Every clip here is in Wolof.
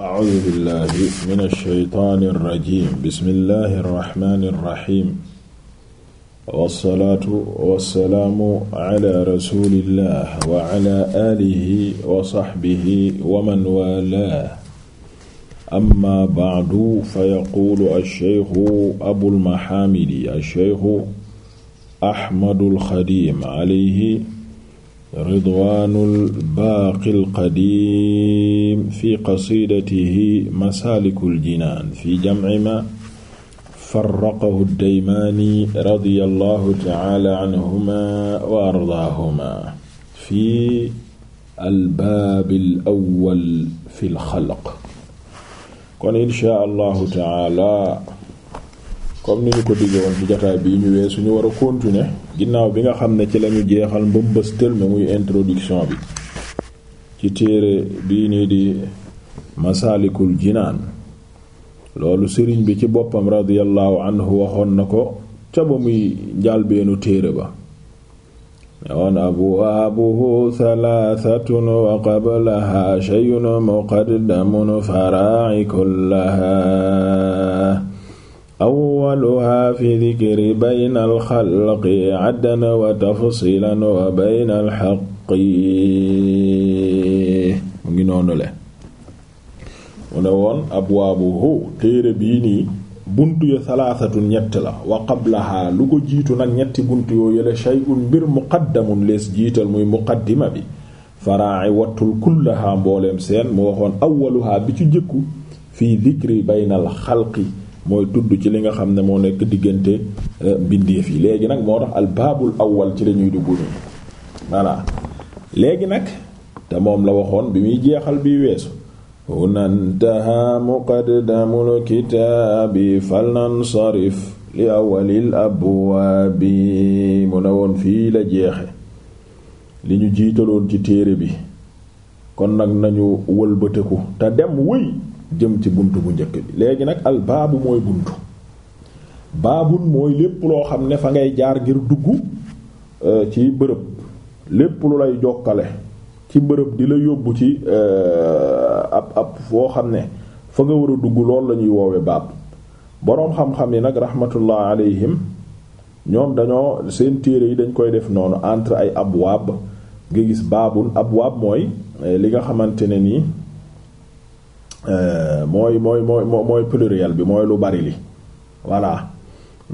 a'uuzu billaahi mina shaytaani rajiim bismillaahi rahmaani rahiim wassalaatu wassalaamu ala rasuulillaah wa ala aalihi wa saxbihi wa man waalaahu amma ba'du fa yaquulu ash-shaykhu abul mahaamidi ash-shaykhu ahmadul xadiim alayhi ridwaanul baaqil qadiim fi qasiidatihi masaalikul jinaan fi jamci maa farraqahu daymaani radiyallahu ta'aala anhumaa wa ardaahumaa fi albaabil awwal fil xalq kon inshaa allahu ta'aala comme ni ñu ko digge woon ci jotaay bii ñu wee suñu war a continuer ginnaaw bi nga xam ne ci lañu jeexal mbëmbëstal mi muy introduction bi ci téere bi nii di masaalikul jinaan loolu sëriñ bi ci boppam radiyallahu anhu waxoon na ko ca ba muy njàlbeenu téere ba newoon abwaabuhu thalathatun wa qablaha shay'un muqaddamun faraa'i kullaha awwaluha fi dikri bayna alxalqi adana wa tafsilan wa bayna alxaqi mu ngi noonu le mu ne woon abwaabuhu téere bii nii bunt ya salaasatun ñett la wa qablaha lu ko jiitu nag ñetti bunt yoo yële shay'un mbir muqaddamun lees jiital muy muqaddima bi faraa'i wattul kullaha mbooleem seen mu waxoon awwaluha bi ci jëkku fi dikri bayna alxalqi mooy tudd ci li nga xam ne moo nekk diggante mbindeef euh, yi léegi nag moo tax al baabul ci lañuy dugg nii voilà léegi nag te moom la waxoon bi muy jeexal bi weesu hunantaha muqaddamul kitaabi fal nansarif li awwalil abwaabi mu ne woon fii la jeexe li ñu jiitaloon ci téere bi kon nag nañu wëlbatiku te dem wëy jëm ci bunt bu njëkk bi léegi nag al baabu mooy bunt baabun mooy lépp loo xam ne fa ngay jaar ngir dugg euh, ci bërëb lépp lu lay jokkale ci bërëb di la yóbbu ci euh, ab ab foo xam ne fa nga war a dugg loolu la ñuy woowe baab boroom xam-xam yi nag rahmatullah alayhim ñoom dañoo seen téere yi dañ koy def noonu entre ay abwaab nga gis baabun abwaab mooy euh, li nga xamante ne nii Euh, mooy mooy mooy mooy pluriel bi mooy lu bari li voilà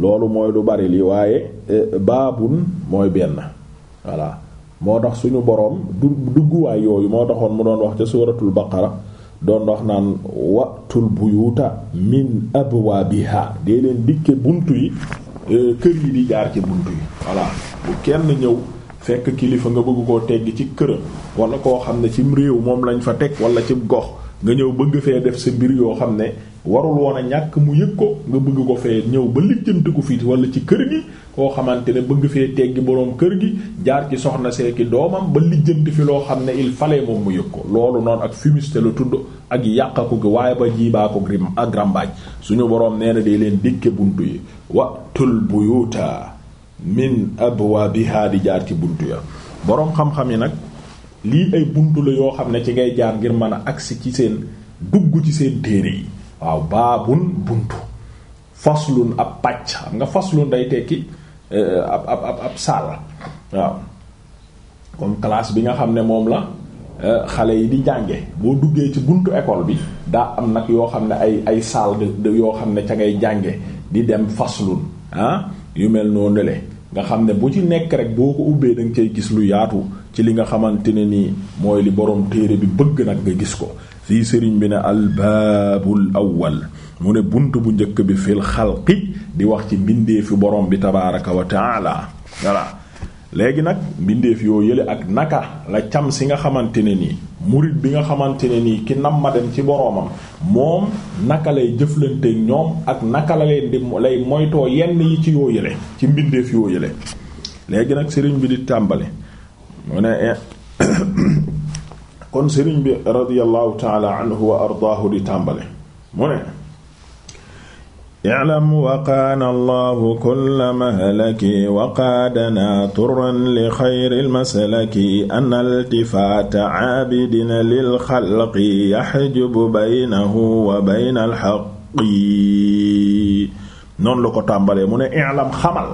loolu mooy lu bari li waaye euh, baabun mooy benn voilà moo tax suñu boroom du dugguwaay yooyu moo taxoon mu doon wax ca suuratul baqara doon wax naan watul buyuuta min abwaabiha dee leen dikke bunt yi euh, kër yi di jaar ci bunt yi voilà bu kenn ñëw fekk kilifa nga bëgg koo tegg ci këram wala koo xam ne cim réew moom lañ fa teg wala cim gox nga ñëw bëgg fee def sa mbir yoo xam ne warul woon a ñàkk mu yëg ko nga bëgg ko fee ñëw ba lijjanti ko fii wala ci kër gi koo xamante ne bëgg fee teggi boroom kër gi jaar ci soxna seeki doomam ba lijjanti fi loo xam ne il fallait moom mu yëg ko loolu noonu ak fumiste lu tudd ak yàqaku gi waaye ba jiibaako grim ak rambaaj suñu boroom nee na day leen dikke buntu yi watul buyuta min abwaabiha di jaar ci buntu ya boroom xam-xam yi nag lii ay buntu la yoo xam ne ci ngay jaar ngir mën a agsi ci seen dugg ci seen téere yi waaw baabun buntu faslun ab pàcc xam nga faslun day tekki eh, ab ab ab ab saal waaw comme classe bi nga xam ne moom la eh, xale yi di jànge boo duggee ci buntu école bi daa am nag yoo xam ne ay ay saal yoo xam ne ca ngay jànge di dem faslun ah yu mel noo le nga xam ne bu ci nekk rek boo ko ubbee da nga cay gis lu yaatu ci li nga xamante ne nii mooy li boroom téere bi bëgg nag nga gis ko fii sëriñ bi ne albaabul awwal mu ne bunt bu njëkk bi fil xalqi di wax ci fi boroom bi tabaaraka wa taala léegi nag mbindeef yoo yële ak naka la cam si nga xamante ne nii murit bi nga xamante ne nii ki nam dem ci boroomam moom naka lay jëflanteek ñoom ak naka la leen di lay moytoo yenn yi ci yoo yële ci mbindeef yoo yële léegi nag sëriñ bi di tàmbale mu ne eh, kon sëriñ bi radiyallahu taala anhu wa ardaahu di tàmbale mu ne i'lam waqaana allahu kulla mahlaki waqaadanaa turan li xayril maslaki an altifaata aabidina lil xalqi yaxjubu baynahu wa bayna alxaqi noonu la ko tàmbalee mu ne i'lam xamal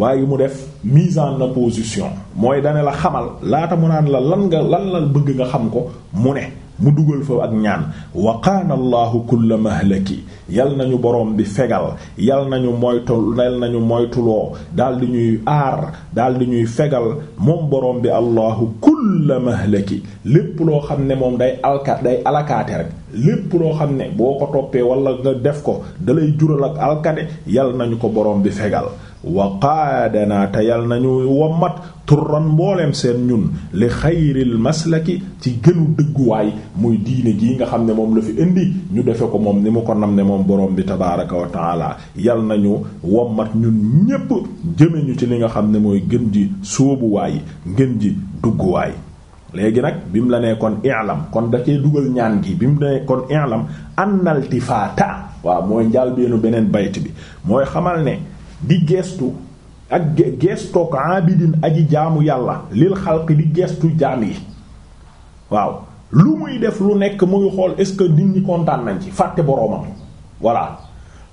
waaye mu def mise en opposition mooy dane la xamal laata naan la lan nga lan la bëgg nga xam ko mu ne mu dugal fa ak ñaan waqaana allahu kulla mahlaki yal nañu borom bi fegal yal nañu moytul nañu moytuloo daal di ñuy aar daal di ñuy fegal moom borom bi allahu kulla mahlaki lépp loo xam ne moom day alka day alakaate rek lépp loo xam ne boo ko toppee wala nga def ko dalay jural ak alkade yal nañu ko borom bi fegal naa te yal nañu wommat turan mbooleem seen ñun li xayril maslaki ci gënu dugguwaay muy diine gii nga xam ne moom la fi indi ñu defe ko moom ni mu ko nam ne moom borom bi tabaraka wa taala yal nañu wommat ñun ñépp jëme ñu ci li nga xam ne mooy gën ji sóobuwaay gën ji dugguwaay léegi nag bi mu la nee kon i'lam kon da cee dugal ñaan gi bi mu nee kon i'lam annaltifaata waaw mooy njaal beenu beneen bayt bi mooy xamal ne di geestu ak geestook abidin aji jaamu yàlla lil xalq di geestu jaam yi waaw lu muy def lu nekk mu ngi xool est-ce que nit ñi kontaan nañ ci fàtte boroomam voilà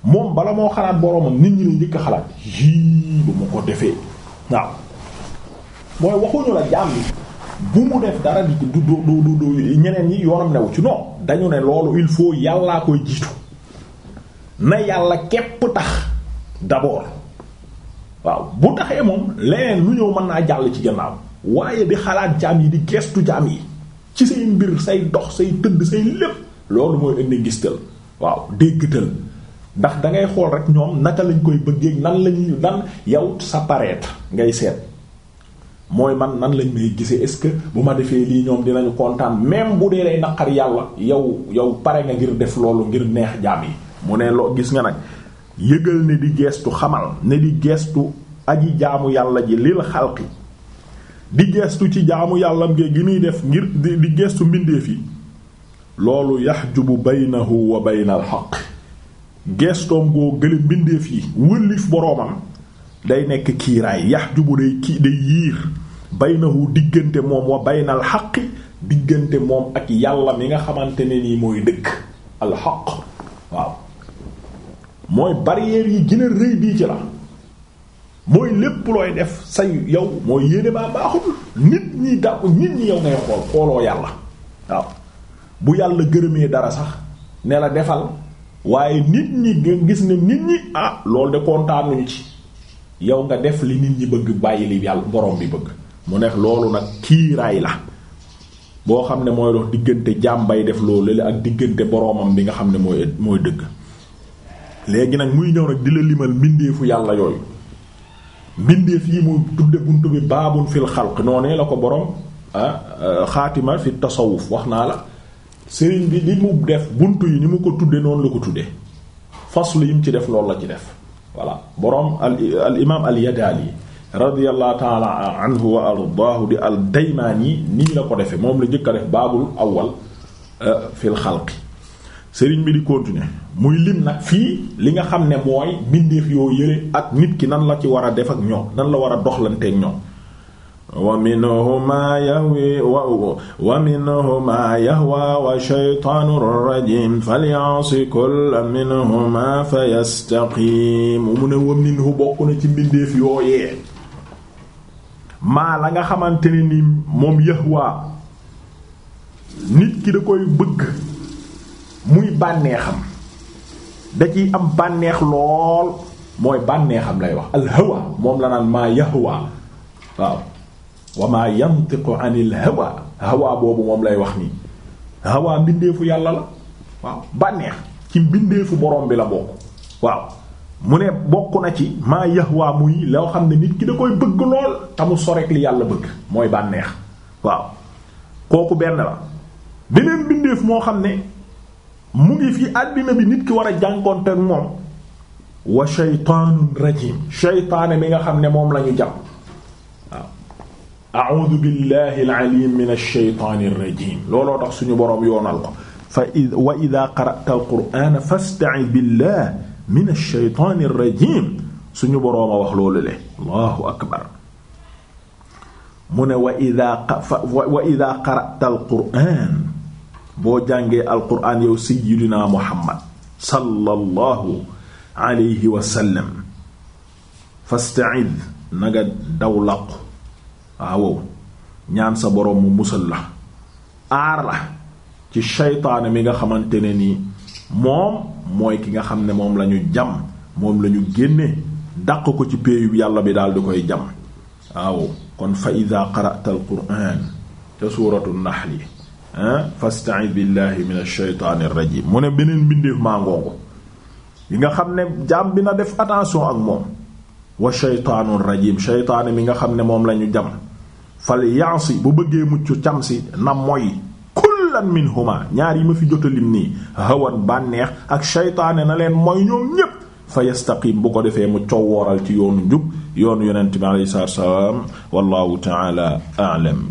moom bala moo xalaat boroomam nit ñi lay njëkk xalaat yii bu mu ko defee waaw mooy waxuñu la jaam bi bu mu def dara di du du du ñeneen yi yoonam newu ci non dañu ne loolu il faut yàllaa koy jiitu na yàlla képp tax d'abord waaw bu taxee moom leneen lu ñëw mën naa jàll ci gannaaw waaye di xalaat jaam yi di gestu jaam yi ci say mbir say dox say tëdd say lépp loolu mooy indi gistal waaw déggtal ndax dangay xool rek ñoom naka lañ koy bëggeek nan lañuy nan yow sa pareet ngay seet mooy man nan lañ may gisee est-ce que bu ma defee lii ñoom dinañu kontaan même bu dee lay naqar yàlla yow yow pare nga ngir def loolu ngir neex jaam yi mu ne loo gis nga nag yëgal ne di geestu xamal ne di geestu aji jaamu yàlla ji lil xalqi di geestu ci jaamu yàllam ge gi muy def ngir di geestu mbindeef yi loolu yaxjubu baynahu wa bayna al xaq geestoom goo gële mbindeef yi wëllif boroomam day nekk kiiraay yaxjubu day kii day yiir baynahu diggante moom wa bayna xaqi diggante moom ak yàlla mi nga xamante ne nii mooy dëkk al xaq mooy barrière yi gën rëy bii ci la mooy lépp looy def say yow mooy yéene baa baaxul nit ñi daw nit ñi yow ngay xool xooloo yàlla waaw bu yàlla gërëmee dara sax ne la defal waaye nit ñi nga gis ne nit ñi ah loolu de kontaanuñu ci yow nga def li nit ñi bëgg bàyyi li yàlla borom bi bëgg mu neex loolu nag kiiraay la boo xam ne mooy dox diggante jàmbay def loolu la ak diggante boromam bi nga xam ne mooy mooy dëgg léegi nag muy ñëw nag di la limal mbindeefu yàlla yooyu mbindeef yi mu tudde buntu bi baabun fil xalq noonee la ko borom ah, euh, xaatima fi tasawuf wax naa la sëriñ bi li mu def bunt yi ni mu ko tudde noonu la ko tudde faslu yi mu ci def loolu la ci def voilà borom al imaam al yadaali radiyallahu taala anhu wa ardaahu di al yi nii la ko defee moom la njëkk a def baabul awal euh, fil xalqi sëriñ bi di continuer muy lim nag fii li nga xam ne mooy mbindeef yoo yële ak nit ki nan la ci war a def ak ñoom nan la war a doxlanteeg ñoom wa minhumaa wa minhumaa yahwa wa shaytaanu rajiim falya'si kulla minhumaa mu ne wa bokk na ci mbindeef yooyee maa la nga xamante ne ni moom yahwa nit ki da koy bëgg muy bànneexam da ciy am bànneex lool mooy bànneexam lay wax alhawa moom la naan maa yahwa waaw wa maa yantiqu anil hawa hawa boobu moom lay wax nii hawa mbindeefu yàlla la waaw bànneex ci mbindeefu borom bi la bokk waaw mu ne bokk na ci maa yahwa muy loo xam ne nit ki da koy bëgg lool te mu soreek li yàlla bëgg mooy bànneex waaw kooku benn la beneen mbindeef moo xam ne mu ngi fi àddina bi nit ki war a jànkoonteek moom wa shaytaanun rajim shaytaane bi nga xam ne moom lañu jàpp waaw a'udhu billahi al-alim min ash-shaytaani ar-rajim looloo tax suñu boroom yoonal ko fa wa idha qara'ta al-qur'ana fasta'id billahi min ash-shaytaani ar-rajim suñu boroom a wax loolu le allahu akbar mu ne wa idha wa idha qara'ta al-qur'ana boo jàngee alquraan yow sayyidina muhammad sallallahu alayhi wa sallam fasta'id nanga daw làqu waawow ñaan sa boroom mu musal la aar la ci shaytaane mi nga xamante ne nii moom mooy ki nga xam ne moom la ñu moom lañu génne dàq ko ci péeyub yàlla bi daal di koy jam waaw kon fa ida qara'ta al qur'an te suuratu nahl fasta'id billahi min ash-shaytaani rajim mu ne beneen mbindeef maa ngoongu yi nga xam ne jaam bi na def attention ak moom wa shaytaanu rajim shaytaani mi nga xam ne moom lañu jam fal yansi bu bëggee mucc cam si na moy kullan minhuma ñaar yi ma fi jotalim nii hawan bànneex ak shaytaane na leen moy ñoom ñépp fa yastaqim bu ko defee mu cowooral ci yoonu njub yoonu yonent bi alayhi salaatu wa salaam wallahu ta'ala a'lam